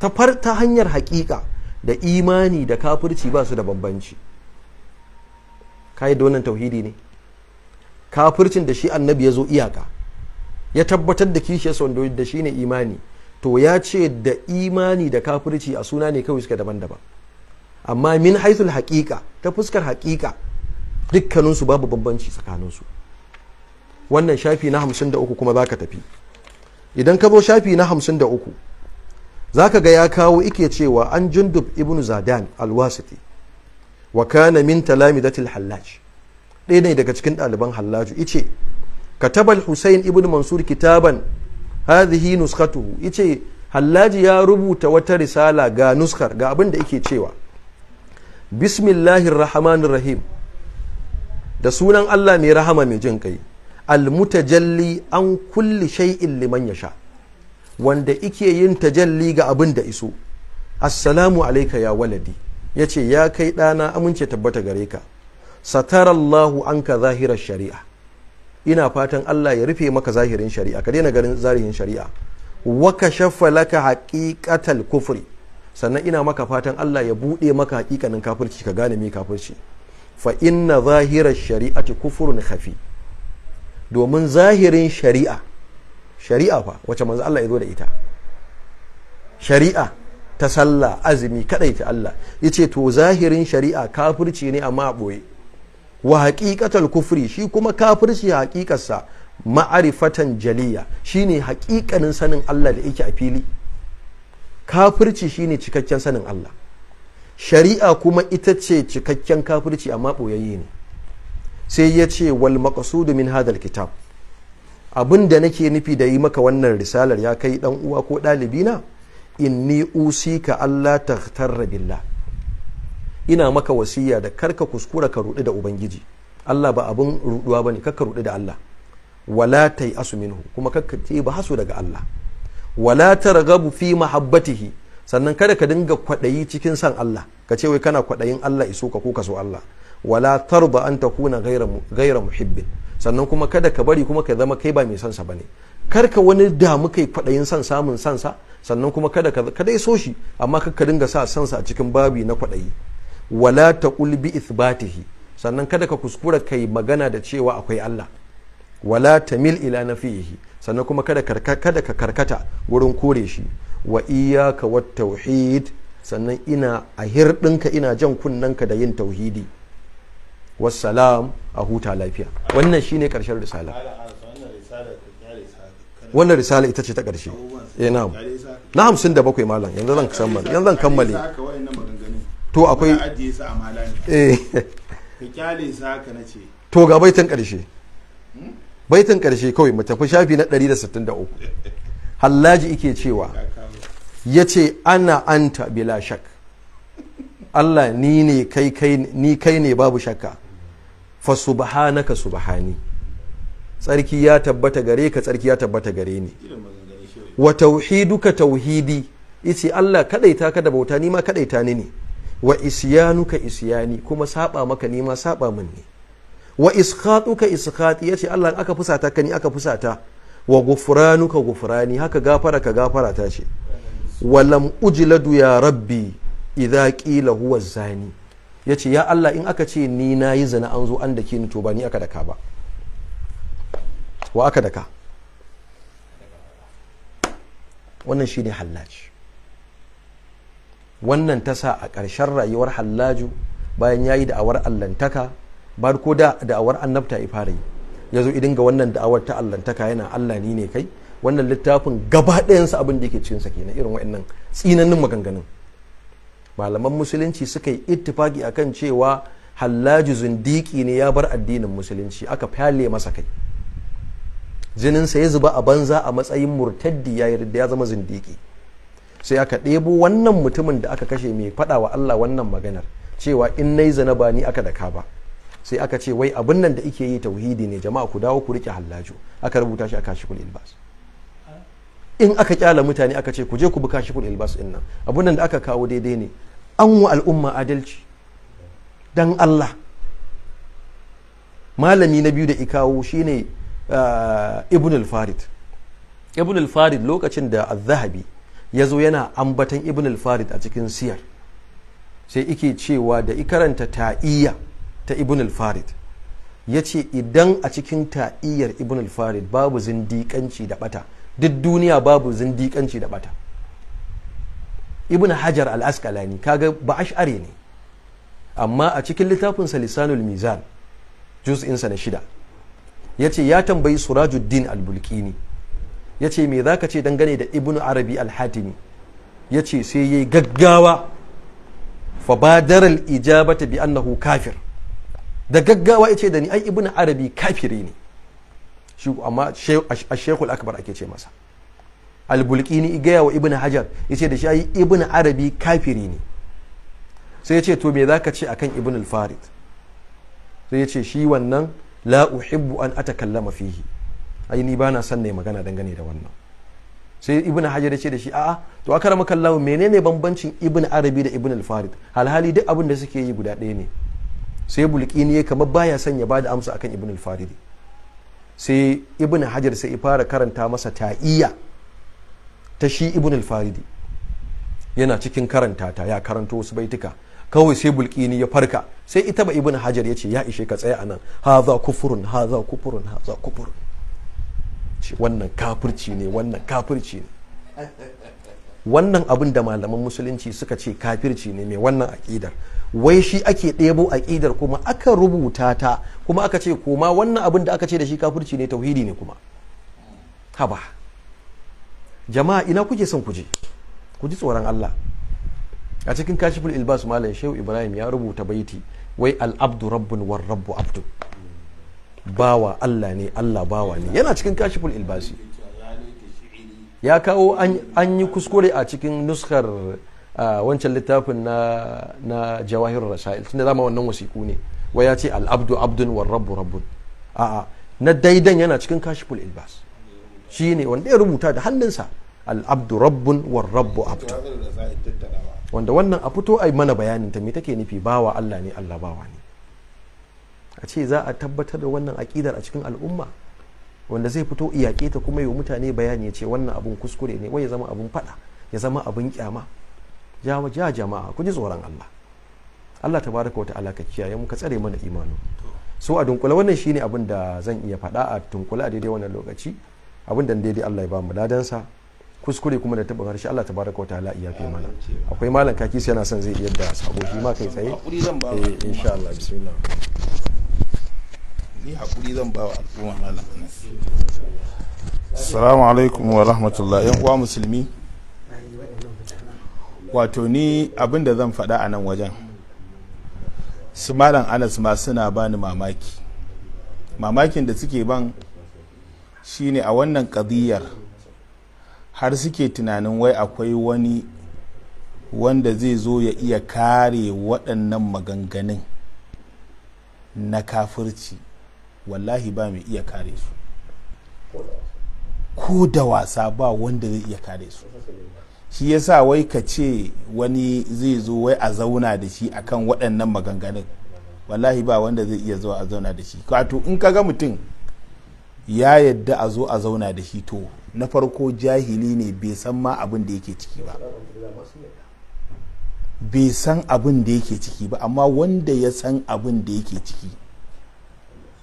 ta far ta hanyar haƙiƙa da imani da kafirci ba su da bambanci kai da wannan tauhidi ne kafircin da shi annabi ya zo iyaka ya tabbatar da kishiyar wanda da shi ne imani to ya ce da imani da kafirci a suna ne kawai suka daban-daban amma min haithul haƙiƙa ta fuskar haƙiƙa dukkaninsu babu bambanci tsakaninsu wannan shafi na hamsin kuma za tafi idan ka zo shafi na hamsin zaka ga ya kawo ike cewa an jundub ibn zadan alwasiti wa kana min talamidatil hallaj ɗaya ne daga cikin ɗaliban hallaju ice katabal husain ibn mansur kitaban hadhihi nuskatuhu ice hallaji ya rubuta wata risala ga nuskar ga abin da ike cewa bismillahir rahmanir rahim da sunan Allah mai rahama mai jin kai almutajalli an kulli shay'in liman yasha wanda ike yin tajalli ga abin da iso assalamu alaika ya waladi yace ya kai ɗana amince tabbata gare ka satarallahu anka zahirar shari'a ina fatan Allah ya rufe maka zahirin shari'a ka daina ganin zahirin shari'a wa shaffa laka haqiqatal kufri sannan ina maka fatan Allah ya buɗe maka haƙiƙanin kafirci ka gane me kafirci fa inna zahirar shari'ati kufurun hafi domin zahirin shari'a shari'a fa wacce manzo Allah ya zo da ita shari'a ta sallah azumi kadai ta Allah yace to zahirin shari'a kafirci ne amma a boye wa haqiqatal kufuri shi kuma kafirci haqiqarsa ma'arifatan jaliya shine haƙiƙanin sanin Allah da yake a fili kafirci shine cikakken sanin Allah shari'a kuma ita ce cikakken kafirci amma ɓoyayye ne sai ya ce wal maqsudu min hadal kitab abin da nake nufi da yi maka wannan risalar ya kai dan uwa ko ɗalibi na inni usika Allah taghtarra billah ina maka wasiya da karka kuskura ka rudu da ubangiji Allah ba abin ruduwa bane karka rudu da Allah wala yi asu minhu kuma karka ce ba hasu daga Allah wala targhabu fi mahabbatihi sannan kada ka dinga kwaɗayi cikin san Allah ka ce wai kana kwaɗayin Allah iso ka ko ka so Allah wala tarba an takuna gaira muhibbin sannan kuma kada ka bari kuma ka zama kai ba mai sansa ba ne kar ka wani damu kai kwaɗayin san samun sansa sannan kuma kada ka dai so shi amma ka dinga sa sansa a cikin babi na kwaɗayi wala ta bi ithbatihi sannan kada ka kuskura kai magana da cewa akwai Allah wala tamil ila nafihi sannan kuma kada ka karkata wurin kore shi wa iyaka wat tauhid sannan ina a hirɗinka ina jan kunnanka da yin tauhidi wassalam a huta lafiya wannan shine karshen risala wannan risala ita ce ta ƙarshe. eh na'am na hamsin da bakwai malam yanzu zan kammale yanzu zan kammale to akwai eh ka kyale saka na to ga baitin karshe hmm? baitin karshe kawai mu tafi shafi na 163 [LAUGHS] hallaji ike cewa ya ce ana anta bila shak Allah ni ne kai kai ni kai ne babu shakka fa subhanaka subhani tsarki ya tabbata gare ka tsarki ya tabbata gare ni wa tauhiduka tauhidi yace Allah kadaita ka da bauta ni ma kadaita ni ne wa isyanuka isyani kuma saba maka ni ma saba min ne wa iskhatuka iskhati yace Allah aka fusata ka ni aka fusata wa gufranuka gufrani haka gafara ka gafara ta ce walam Ujiladu ya rabbi idza qila huwa zani yace ya Allah in aka ce ni nayi zina an zo an dake ni to ba ni aka daka ba wa aka daka wannan shine hallaji wannan ta sa a ƙarshen rayuwar hallaju bayan yayi da'awar allantaka ba ko da da'awar annabta ya fara yi ya zo idin ga wannan da'awar ta allantaka yana Allah ni ne kai wannan littafin gaba ɗayansa abin da yake cikin sa kenan irin wa'annan tsinannin maganganun malaman musulunci suka yi ittifaki akan cewa hallaji zindiki ne ya bar addinin musulunci aka fyale masa kai jinin sa ya zuba a banza a matsayin murtaddi ya yarda ya zama zindiki sai aka ɗebo wannan mutumin da aka kashe mai faɗa wa Allah wannan maganar cewa in nai zana ba ni aka daka ba sai aka ce wai abin nan da ike yi tauhidi ne jama'a ku dawo ku rike hallaju aka rubuta shi a kashi kul ilbas in aka kyala mutane aka ce ku je ku bi kashiful ilbas din nan abun nan da aka kawo daidai ne an wa al'umma adalci dan Allah malami na biyu da ikawo shine ah, ibn al-farid ibn al-farid lokacin da az-zahabi ya zo yana ambatan ibn al-farid a cikin siyar sai ike cewa da ikaranta ta'iyya ta ibn al-farid ya ce idan a cikin ta'iyyar ibn al-farid babu zindiƙanci da bata duk duniya babu zindikanci da bata ibn hajar al askalani kaga ba ash'ari ne amma a cikin littafinsa lisanul mizan juz'insa na shida ya ce ya tambayi surajuddin al-bulkini ya ce me zaka ce dangane da ibn arabi al-hatimi ya ce sai ya yi gaggawa fa badaral ijabata bi annahu kafir da gaggawa ya ce da ni ai ibn arabi kafiri ne shi amma shekul akbar ake ce masa albulkini gaya wa ibn hajar ya ce da shi ayi ibn arabi kafiri ne sai ya ce to me za ka ce akan ibn alfarid sai ya ce shi wannan la uhibbu an atakallama fihi ai ni na son ne magana dangane da wannan sai ibn hajar ya ce da shi a'a to aka rama kallahu menene bambancin ibn arabi da ibn alfarid farid alhali duk abin da suke yi guda ɗaya ne sai bulkini ya kamar baya son ya da amsa akan ibn al sai ibn hajar sai ya fara karanta masa ta'iya ta shi ibn faridi yana cikin karanta ta ya karanto wasu baituka kawai sai bulkini ya farka sai ita ba ibn hajar ya ce ya ishe ka tsaya anan za kufurun za kufurun za kufurun wannan kafirci ne wannan kafirci ne [LAUGHS] wannan abin da malaman musulunci suka ce kafirci ne mai wannan aƙidar wai shi ake ɗebo aƙidar kuma aka rubuta ta kuma aka ce koma wannan abin da aka ce da shi kafirci ne tauhidi ne kuma haba jama'a ina kuke son kuje ku ji tsoron Allah a cikin kashiful ilbas malam shehu ibrahim ya rubuta baiti wai al'abdu rabbun war rabbu abdu bawa Allah ne Allah bawa ne yana cikin kashiful ilbasi ya kawo an yi kuskure a cikin nuskar wancan littafin na jawahir rasail tunda zama wannan wasiku ne wa ya ce al'abdu abdun wa rabbu rabbun a'a na daidan yana cikin kashiful ilbas shi ne wanda ya rubuta da hannunsa al'abdu rabbun wa rabbu abdu wanda wannan a fito a mana bayanin ta me take nufi bawa Allah ne Allah bawa ne a ce za a tabbatar da wannan aƙidar a cikin al'umma wanda zai fito iyake ta kuma yi mutane bayani ya ce wannan abun kuskure ne wai ya zama abun fada ya zama abun kyama ja jama'a ku ji tsoron Allah Allah ta baraka wata ka kiyaye muka tsare mana imanin so a dunkula wannan shine abin da zan iya fada a dunkula a daidai wannan lokaci abin da daidai Allah ya ba mu ladansa kuskure kuma da taba harshe Allah baraka wata ala iya mana akwai malam kakis yana son zai iya da sabo shi ma kai tsaye eh, insha Allah bismillah ni haƙuri zan ba wa al'umma malam assalamu alaikum wa rahmatullah yan uwa musulmi wato ni abin da zan faɗa a nan wajen su malam anas ma suna bani mamaki mamakin da suke ban shine a wannan ƙadiyar har suke tunanin wai akwai wani wanda zai zo ya iya kare waɗannan maganganun na kafirci wallahi ba mai iya kare su ko da wasa ba wanda zai iya kare su shi yasa wai ka ce wani zai zo wai a zauna da shi akan waɗannan maganganun wallahi ba wanda zai iya zuwa a zauna da shi kato in ka ga mutum ya yadda a zo a zauna da shi to na farko jahili ne bai san ma abin da yake ciki ba bai san abin da yake ciki ba amma wanda ya san abin da yake ciki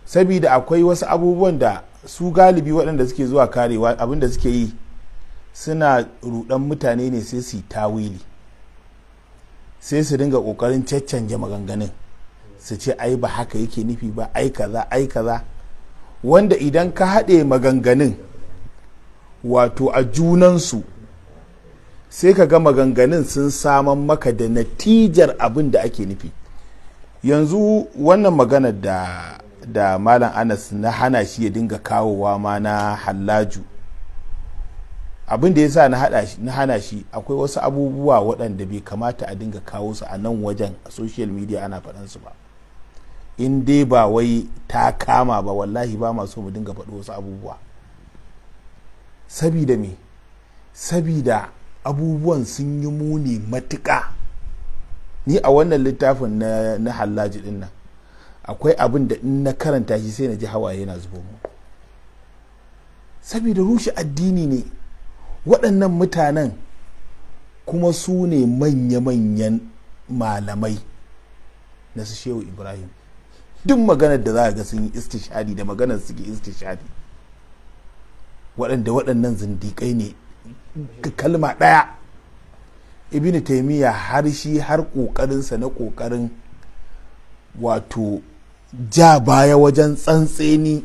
saboda akwai wasu abubuwan da su galibi waɗanda suke zuwa karewa abinda suke yi suna rudan mutane ne sai su yi tawili sai su dinga ƙoƙarin caccanje maganganun su ce ai ba haka yake nufi ba ai kaza ai kaza wanda idan ka haɗe maganganun wato a junansu sai ka ga maganganun sun saman maka da natijar abin da ake nufi yanzu wannan maganar da da malam anas na hana shi ya dinga kawowa ma na halaju abin da ya sa na hana shi akwai wasu abubuwa waɗanda bai kamata a dinga kawo su a nan wajen a social media ana faɗan su ba in dai ba wai ta kama ba wallahi ba masu mu dinga faɗo wasu abubuwa sabida me sabida abubuwan sun yi muni matuƙa ni a wannan littafin na hallaji dinnan. akwai abin da in na karanta shi sai na ji hawaye yana zubo mu saboda rushe addini ne waɗannan mutanen kuma su ne manya-manyan malamai na su shehu ibrahim duk maganar da za a ga sun yi istishadi da maganar su ke istishadi waɗanda waɗannan zindiƙai ne kalma ɗaya ibini taimiyya har shi har ƙoƙarinsa na ƙoƙarin wato ja baya wajen tsantseni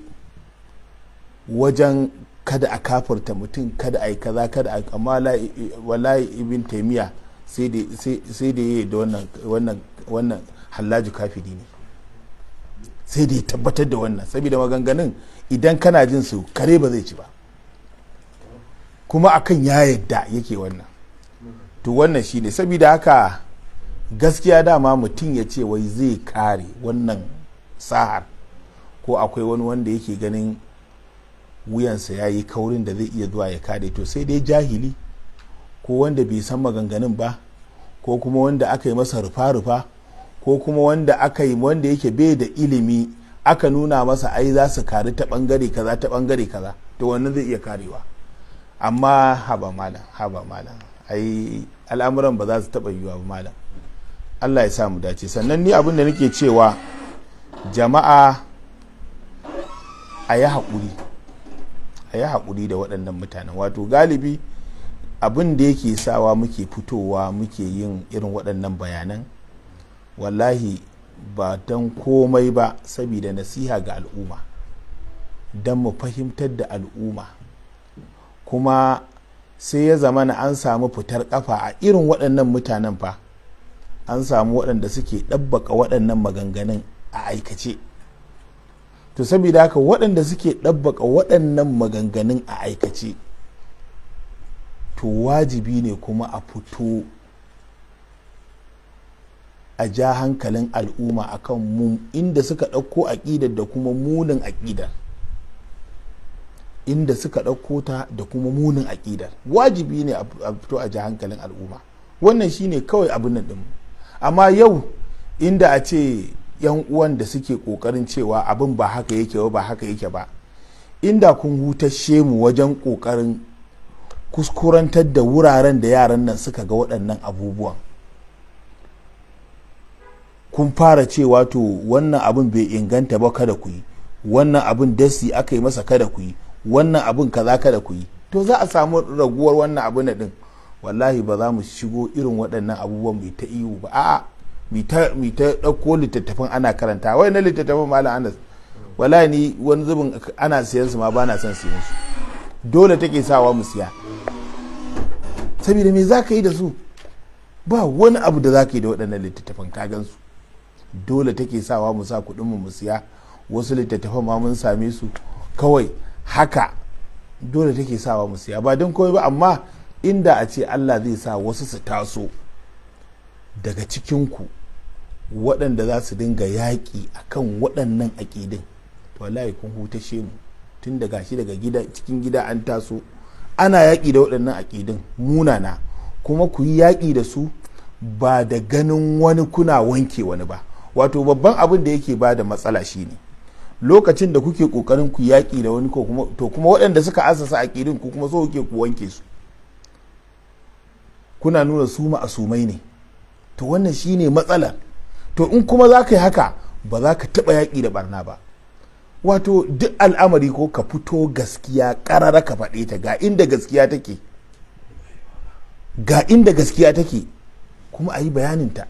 wajen kada a kafurta mutum kada a yi kaza kada a amma walayi ibn taimiya sai da yi da wannan hallaji kafiri ne sai da ya tabbatar da wannan saboda maganganun idan kana jin su kare ba zai ci ba kuma akan ya yadda yake wannan to wannan shine saboda haka gaskiya dama mutum ya ce wai zai kare wannan sahar ko akwai wani wanda yake ganin wuyansa ya yi kaurin da zai iya zuwa ya kare to sai dai jahili ko wanda bai san maganganun ba ko kuma wanda aka yi masa rufa-rufa ko kuma wanda aka yi wanda yake bai da ilimi aka nuna masa ai za su kari ta bangare kaza ta bangare kaza to wannan zai iya karewa amma haba malam haba malam ai al'amuran ba za su taɓa yiwuwa ba malam Allah ya sa mu dace sannan ni abin da nake cewa jama'a a yi haƙuri a yi haƙuri da waɗannan mutanen wato galibi abin da yake sawa muke fitowa muke yin irin waɗannan bayanan wallahi ba don komai ba saboda nasiha ga al'umma don mu fahimtar da al'umma kuma sai ya zama na an samu fitar kafa a irin waɗannan mutanen fa an samu waɗanda suke ɗabbaka waɗannan maganganun a aikace to saboda haka waɗanda suke ɗabbaka waɗannan maganganun a aikace to wajibi ne kuma a fito a ja hankalin al'umma akan mu inda suka ɗauko aƙidar da kuma munin aƙidar inda suka ɗauko ta da kuma munin aƙidar wajibi ne a fito a ja hankalin al'umma wannan shine kawai abin nan ɗin amma yau inda a ce yan uwan da suke kokarin cewa abin ba haka yake ba ba haka yake ba inda kun hutashe mu wajen kokarin kuskurantar da wuraren da yaran nan suka ga waɗannan abubuwan kun fara cewa to wannan abin bai inganta ba kada ku yi wannan abin dasi aka yi masa kada ku yi wannan abin kaza kada ku yi to za a samu raguwar wannan abin din wallahi ba za mu shigo irin waɗannan abubuwan mai ta ihu ba a'a mita mita ɗauko littattafan ana karanta wai na littattafan malam anas wala ni wani zubin ana siyan ma ba na son siyan su dole take sawa mu siya saboda me za yi da su ba wani abu da zaka yi da waɗannan littattafan ka gansu dole take sawa mu sa kuɗin mu siya wasu littattafan ma mun same su kawai haka dole take sawa mu siya ba don kawai ba amma inda a ce Allah zai sa wasu su taso daga cikin ku. waɗanda za su dinga yaƙi a kan waɗannan aƙidin to wallahi kun hutashe mu tun daga shi daga gida cikin gida an taso ana yaƙi da waɗannan aƙidin munana kuma ku yi yaƙi da su ba da ganin wani kuna wanke wani ba wato babban abin da yake ba da matsala shine lokacin da kuke ƙoƙarin ku yaƙi da wani ko kuma to kuma waɗanda suka asasa aƙidin ku kuma so kuke ku wanke su kuna nuna suma a sumai ne to wannan shine matsalar to in kuma za ka yi haka ba za ka taɓa yaƙi da barna ba wato duk al'amari ko ka fito gaskiya ƙarara ka faɗe ta ga inda gaskiya take ga inda gaskiya take kuma a yi bayaninta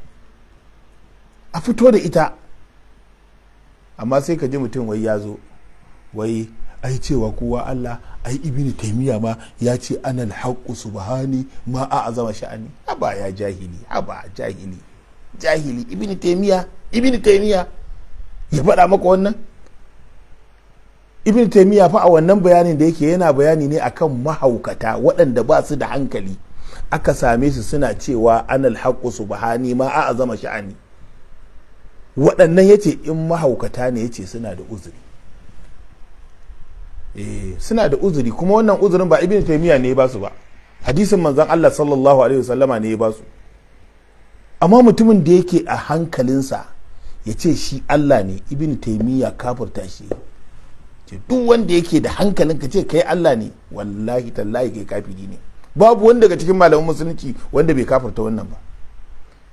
a fito da ita amma sai ka ji mutum wai ya zo wai ai cewa kowa Allah ai ibini taimiyya ma ya ce anal haƙƙu subhani ma a azama sha'ani haba ya jahili haba jahili jahili ibini taimiya ibini taimiya ya faɗa maka wannan ibini taimiya fa a wannan bayanin da yake yana bayani ne akan mahaukata waɗanda ba su da hankali aka same su suna cewa anal su subhani ma a zama sha'ani waɗannan ce in mahaukata ne ce suna da uzuri eh, suna da uzuri kuma wannan uzurin ba ibini taimiya ne ya ba su ba hadisin manzan Allah sallallahu alaihi wasallama ne ya ba su amma mutumin da yake a hankalinsa ya ce shi Allah ne ibn taimiyya kafurta shi duk wanda yake da hankalin ka ce kai Allah ne wallahi tallahi kai kafiri ne babu wanda daga cikin malaman musulunci wanda bai kafurta wannan ba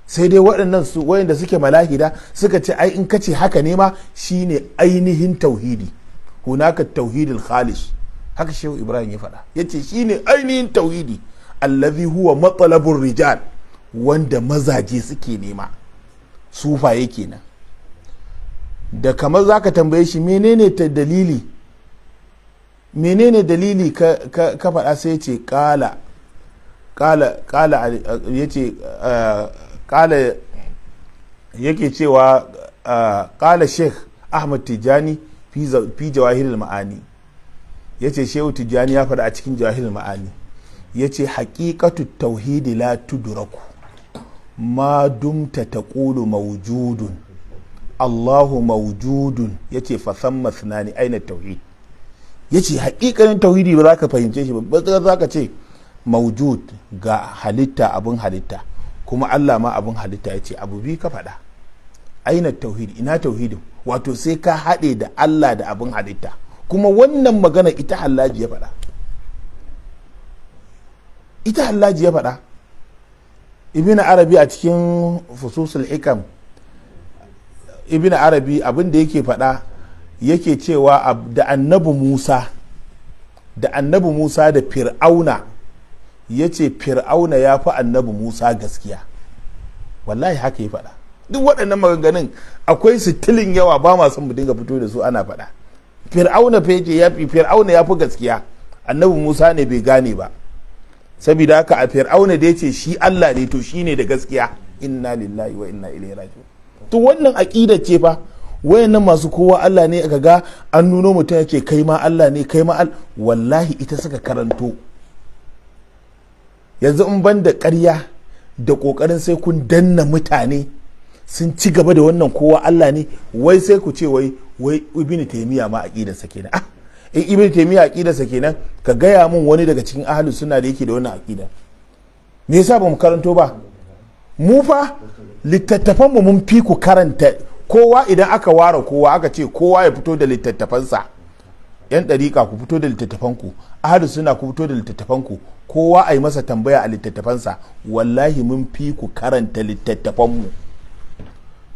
sai dai waɗannan su wayanda suke malahida suka ce ai in ka ce haka ne ma shine ainihin tauhidi hunaka tauhidil khalis haka shehu ibrahim ya faɗa yace shine ainihin tauhidi allazi huwa matalabur rijal wanda mazaje suke nema sufaye kenan da kamar za ka tambaye shi menene ta dalili menene dalili ka faɗa sai ya ce ƙala ƙala ya ce ah, ƙala yake cewa ah, ƙala sheikh ahmad tijjani fi jawahir ma'ani ya ce shehu tijjani ya faɗa a cikin jawahir ma'ani ya ce haƙiƙatu tauhidi la tuduraku ma dumta ta ƙulu maujudun allahu maujudun ya ce fasamma sinani aina tauhid ya ce haƙiƙanin tauhidi ba za ka fahimce shi ba za ka ce maujud ga halitta abin halitta kuma allah ma abin halitta ya ce abu bi ka faɗa aina tauhid ina tauhidin wato sai ka haɗe da allah da abin halitta kuma wannan magana ita hallaji ya ita hallaji ya faɗa ibina arabi a cikin fususul hikam ibina arabi abin da yake faɗa yake cewa da annabi musa da annabi musa da fir'auna ya ce fir'auna ya fi annabi musa gaskiya wallahi haka ya fada. duk waɗannan maganganun akwai sitilin yawa ba masu mu dinga fito da su ana fada. fir'auna fa ya fi gaskiya annabi musa ne bai gane ba saboda haka a fir'auna da yace shi Allah ne to shine da gaskiya inna lillahi wa inna ilaihi raji'un to wannan aqidar ce fa wayannan masu kowa Allah ne aka ga an nuno mutum yake kai ma Allah ne kai ma wallahi ita suka karanto yanzu in ban da ƙarya da ƙoƙarin sai kun danna mutane sun ci gaba da wannan kowa Allah ne wai sai ku ce wai wai ibnu taymiya ma sa kenan ah in ibn taymiya aqidarsa kenan ka gaya min wani daga cikin ahlus sunna da yake da wannan aqida me yasa ba mu karanto ba mu fa littattafan mu mun fi ku karanta kowa idan aka ware kowa aka ce kowa ya fito da littattafansa yan dariƙa ku fito da littattafanku ahlus sunna ku fito da ku kowa a yi masa tambaya a littattafansa wallahi mun fi ku karanta littattafan mu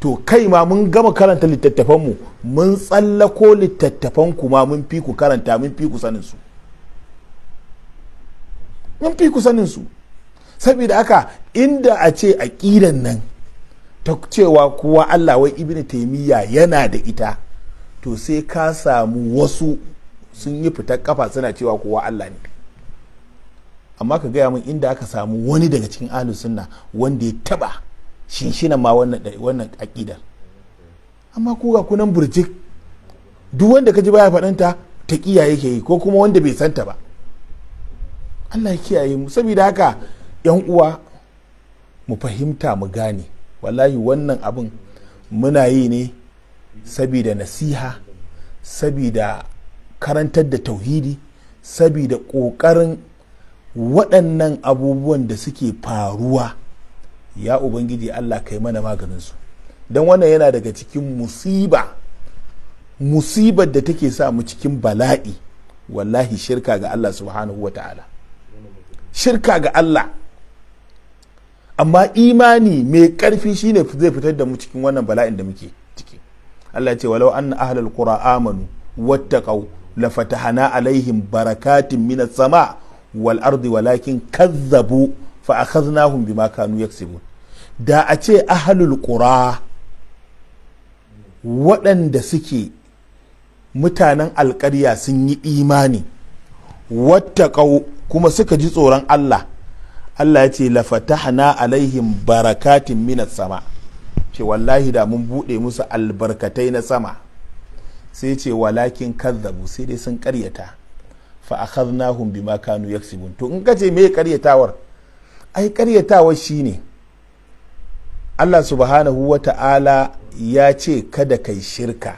to kai ma mun gama karanta littattafanmu mun tsallako littattafan ma mun fi ku karanta mun fi ku sanin su mun fi ku sanin su saboda aka inda a ce aqidan nan ta cewa kuwa Allah wai ibnu taymiya yana da ita to sai ka samu wasu sun yi fitar kafa suna cewa kuwa Allah ne amma ka gaya min inda aka samu wani daga cikin ahlus sunna wanda ya taba shinshinan ma wannan aƙidar amma ku ga kunan burjik duk wanda kaji baya faɗanta ta kiya yake yi ko kuma wanda bai santa ba Allah ya kiyaye mu saboda haka yan uwa mu fahimta mu gane wallahi wannan abin muna yi ne saboda nasiha saboda karantar da tauhidi saboda ƙoƙarin waɗannan abubuwan da suke faruwa ya ubangiji allah kai mana maganin su. don wannan yana daga cikin musiba musibar da take sa mu cikin bala'i wallahi shirka ga allah subhanahu wa ta'ala shirka ga allah amma imani mai karfi shine zai fitar da mu cikin wannan bala'in da muke ciki allah ce walau an ahlul qura amanu wattaqau lafatahana alaihim barakatin minas sama wal ardi walakin kazzabu fa akhadnahum bima kanu yaksibun da a ce ahlul qura waɗanda suke mutanen alƙarya sun yi imani wattaqau kuma suka ji tsoron Allah Allah ya ce lafatahna alaihim barakatin minas sama ce wallahi da mun buɗe musu albarkatai na sama sai ce walakin kazzabu sai dai sun karyata fa akhadnahum bima kanu yaksibun to in kace me karyatawar ai karyatawa shi ne allah subhanahu wa ta'ala ya ce kada ka yi shirka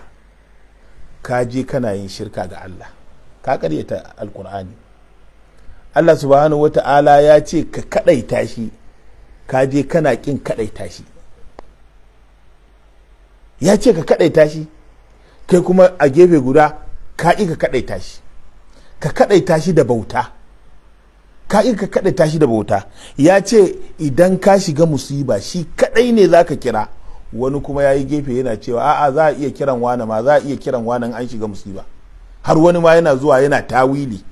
ka je kana yin shirka ga allah ka karyata alkur'ani allah subhanahu wa ta'ala ya ce ka kaɗaita shi ka je kana ƙin kaɗaita shi ya ce ka kaɗaita shi kai kuma a gefe guda ka ƙi ka kaɗaita shi ka kaɗaita shi da bauta ka in ka tashi da bauta ya ce idan ka shiga musiba shi kaɗai ne za ka kira wani kuma ya yi gefe yana cewa a'a za a iya kiran wani ma za a iya kiran wani an shiga musiba har wani ma yana zuwa yana tawili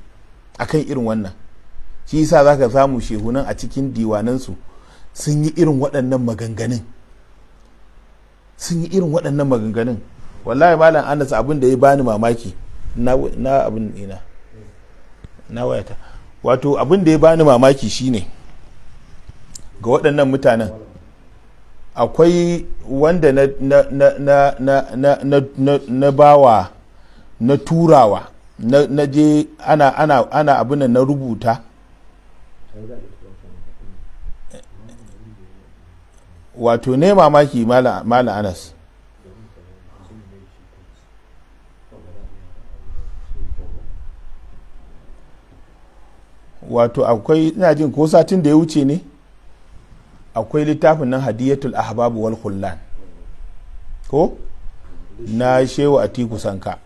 kan irin wannan shi yasa za ka samu shehunan a cikin diwanansu sun yi irin waɗannan maganganun sun yi irin waɗannan maganganun wallahi malam anas abin da ya bani mamaki na abin ina na wayata wato abin da ya bani mamaki shine ga waɗannan mutanen akwai wanda na na na na bawa na turawa na, na je ana ana ana abin na rubuta wato ne mamaki mala anas wato akwai na jin ko satin da ya wuce ne akwai littafin nan hadiyatul ahbab wal khullan ko na shewa atiku sanka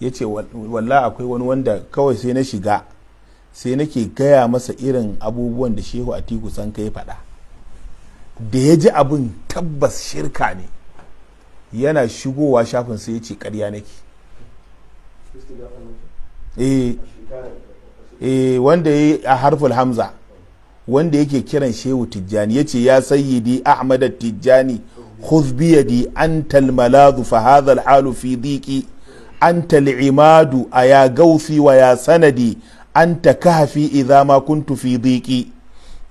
ya ce walla akwai wani wanda kawai sai na shiga sai nake gaya masa irin abubuwan da shehu atiku sanka ya faɗa da ya ji abin tabbas shirka ne yana shigowa shafin sai ya ce ƙarya nake eh Eh, wanda ya a harful hamza wanda yake kiran shehu tijjani ya ce ya sayyidi ahmad tijjani khudh biyadi anta almaladu fa hadha alhalu fi an anta alimadu aya gausi wa ya sanadi anta kahfi idha ma kuntu fi dhiki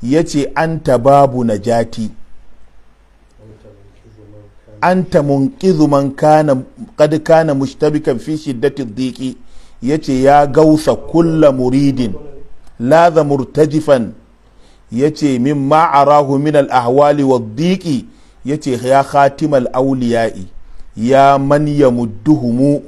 yace anta babu najati anta munqidhu man kana qad kana mushtabikan fi shiddati diki. ya ce ya gausa kulla muridin laza murtajifan ya ce min ma'arahu min al'ahwali wa diki ya ce ya khatimal auliya'i ya man ya mudduhumu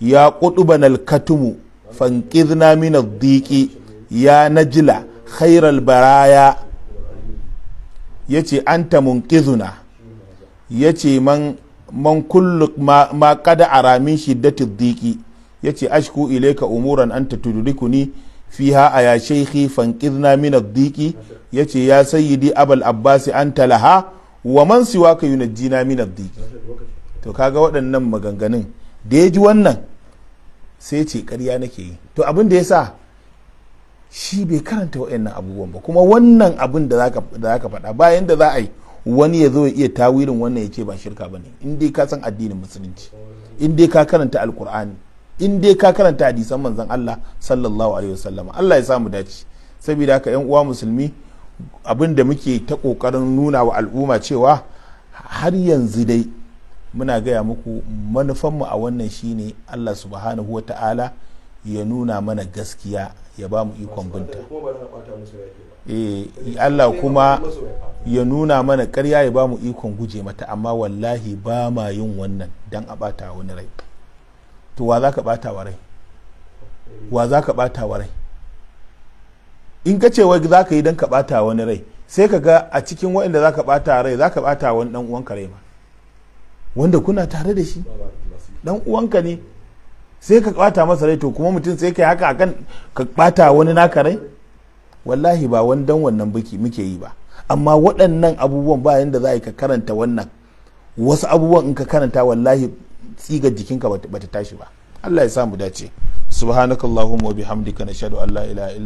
ya kuduban alkatumu fankizna min diki ya najila khairal baraya ya ce anta munkizuna ya ce man kullu ma kada aramin shiddatin diki ya yace ashku ileka umuran an anta ni fiha aya shaykhi fanqidna min ad mina yace ya sayyidi abal abbasi an laha wa man siwaka yunajjina na mina diki to kaga waɗannan maganganun da ya ji wannan sai ce ƙarya nake yi to abin da ya sa shi bai karanta waɗannan abubuwan ba kuma wannan abin da za ka faɗa bayan da za a yi wani ya zo ya iya tawirin wannan ya ce ba shirka ba ne in dai ka san addinin musulunci in dai ka karanta alkur'ani in dai ka karanta hadisan manzon Allah sallallahu alaihi wasallam Allah ya samu dace saboda haka yan uwa musulmi abin da muke ta kokarin nuna wa al'umma cewa har yanzu dai muna gaya muku manufan mu a wannan shine Allah subhanahu wa ta'ala ya nuna mana gaskiya ya ba mu ikon binta eh, Allah kuma ya nuna mana karya ya ba mu ikon guje mata amma wallahi ba ma yin wannan dan a bata wani rai to wa za ka bata wa rai wa za ka bata wa rai in ka ce wai za ka yi don ka bata wani rai sai ka ga a cikin waɗanda za ka bata rai za ka bata wani dan uwanka rai ma wanda kuna tare da shi dan uwanka ne sai ka bata masa rai to kuma mutum sai ka yi haka akan ka bata wani naka rai wallahi ba wani dan wannan biki muke yi ba amma waɗannan abubuwan ba yanda za a yi ka karanta wannan wasu abubuwan in ka karanta wallahi tsigar jikinka bata tashi ba Allah ya samu dace subhanakallahumma wa bihamdika nashhadu an la ilaha illa